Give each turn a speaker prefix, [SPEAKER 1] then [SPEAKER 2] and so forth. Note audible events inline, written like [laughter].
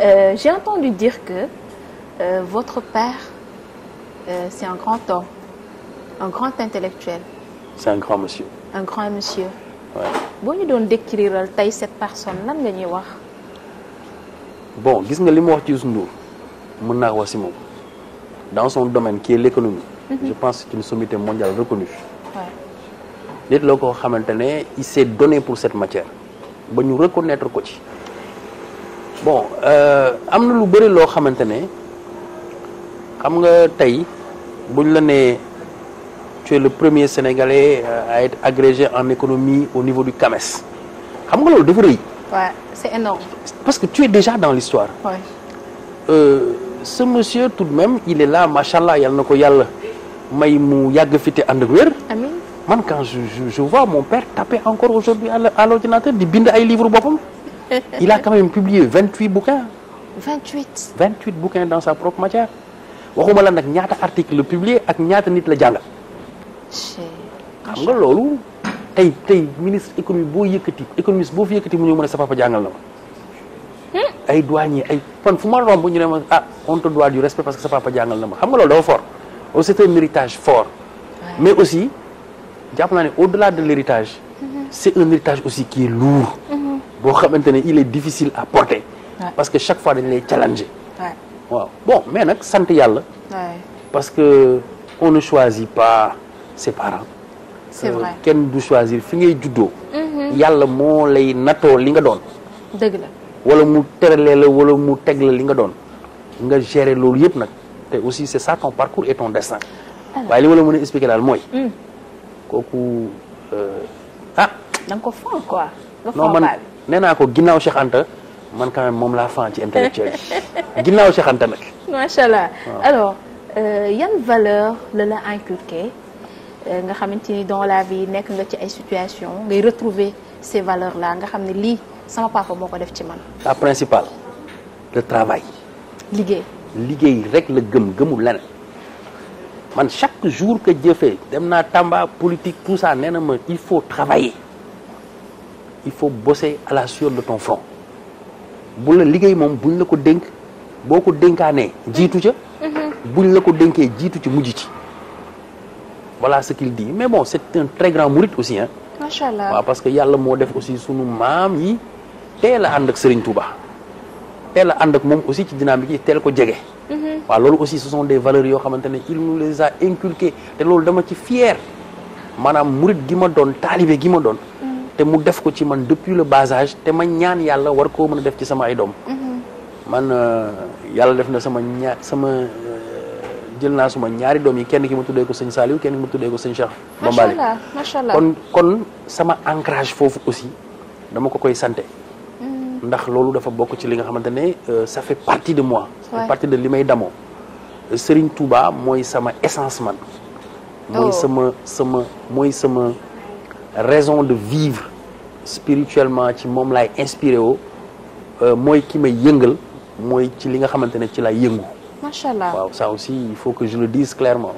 [SPEAKER 1] Euh, j'ai entendu dire que euh, votre père, euh, c'est un grand homme, un grand intellectuel. C'est un grand monsieur. Un grand monsieur. boo ñu doon décriral tey cette personne lan nga ñuy wax. bon gis nga li mu wax ci Youssou Ndour mën naa wax si moom dans son domaine qui est l'économie. Mhm. je pense c'est une sommité mondiale reconnue. waaw nit loo ko xamante ne il s'est donné pour cette matière ba ñu reconnaître ko ci. bon euh, am na lu bëri loo xamante ne xam nga tey buñ la nee tu es le premier sénégalais euh, à être agrégé en économie au niveau du CAMES xam nga loolu dafa rëy. waaw c'est énorme. parce que tu es déjà dans l'histoire ouais. euh, ce monsieur tout de même il est là macha allah yàlla na ko yàlla may mu yàgg fi te ànd ak wér. amiin man quand je, je je vois mon père taper encore aujourd'hui à l'ordinateur di bind ay livres boppam. [laughs] il a quand même vingt huit bouquins. vingt huit vingt huit bouquins dans sa propre matière waxuma la nag ñaata article la publié ak ñaata nit la jànga xam nga loolu tey tey ministre économie boo yëkkati économiste boo fi yëkkati mu ñëw mën a sa papa jàngal na ma. Hmm? ay douanier ay kon fu ma romb ñu ne ma ah on te doit respect parce que sa papa jàngal na ma xam nga loolu dafa fort aussi c'est un héritage fort. mais aussi jàpp naa ne au-delà de l'héritage mm-hmm. c'est un héritage aussi qui boo xamante ne il est difficile à porter. parce que chaque fois dañ lay challenger. waaw bon mais nag sant yàlla. parce que on ne choisit pas ses parents. c'est euh, kenn du choisir fi ngay juddoo. Mhm. yàlla moo lay nattoo li nga doon. dëgg wala mu teralee la wala mu teg la li nga doon nga gérer loolu yëpp nag te aussi c'est ça ton parcours et ton destin. waaye li ma la mën expliquer daal mooy. Hmm. kooku euh, ah. da ko fonk quoi. non man nee naa ko ginnaaw Cheikh Anta man quand moom laa fan ci intellectuel yi [laughs] ginnaaw Cheikh nag. macha allah alors euh, yan valeur la la inculqué euh, nga xamante ni dans la vie nekk nga ci ay situation ngay retrouver ces valeurs la nga xam ne lii sama papa moo ko def ci man. la principale le travail. liggéey liggéey rek la gëm gëmul leneen man chaque jour que jëfee dem naa Tamba politique tout ça nee na ma il faut travailler. il faut bosser à la sueur de ton front bu la liggéey moom buñ la ko dénk boo ko dénkaanee jiitu ca mhm. buñ la ko dénkee jiitu ci mujj ci voilà ce qu'il dit mais bon c'est un très grand mouride aussi hein waaw parce que yàlla moo def aussi sunu maam yi teel a ànd ak sëriñ Touba teel a ànd ak moom aussi ci bi yi teel ko jege mhm. waaw loolu aussi ce sont des valeurs yoo xamante ne il nous les a inculquées te loolu dama ci fier maanaam murit gi ma doon taalibe gi ma doon te mu def ko ci man depuis le basage te ma ñaan yàlla war koo mën a def ci sama ay doom. Mm-hmm. man euh, yàlla def na sama ñaar sama euh, jël naa suma ñaari doom yi kenn ki ma tuddee ko sëñ Saliou kenn ki ma tuddee ko sëñ Cheikh. Bambali macha allah kon kon sama ancrage foofu aussi dama ko koy sante mm-hmm. ndax loolu dafa bokk ci li nga xamante ne euh, ça fait partie de mois ça partie de li may damoo. Serigne Touba mooy sama essence man. mooy oh. sama sama mooy sama. raison de vivre spirituellement ci moom laay inspiré woo euh, mooy ki may yëngal mooy ci li nga xamante ne ci laay yëngu. macha allah waaw ça aussi il faut que je le dise clairement.